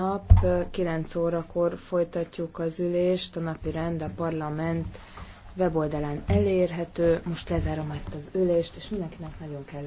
Nap 9 órakor folytatjuk az ülést, a napi rend a parlament weboldalán elérhető. Most lezárom ezt az ülést, és mindenkinek nagyon kell.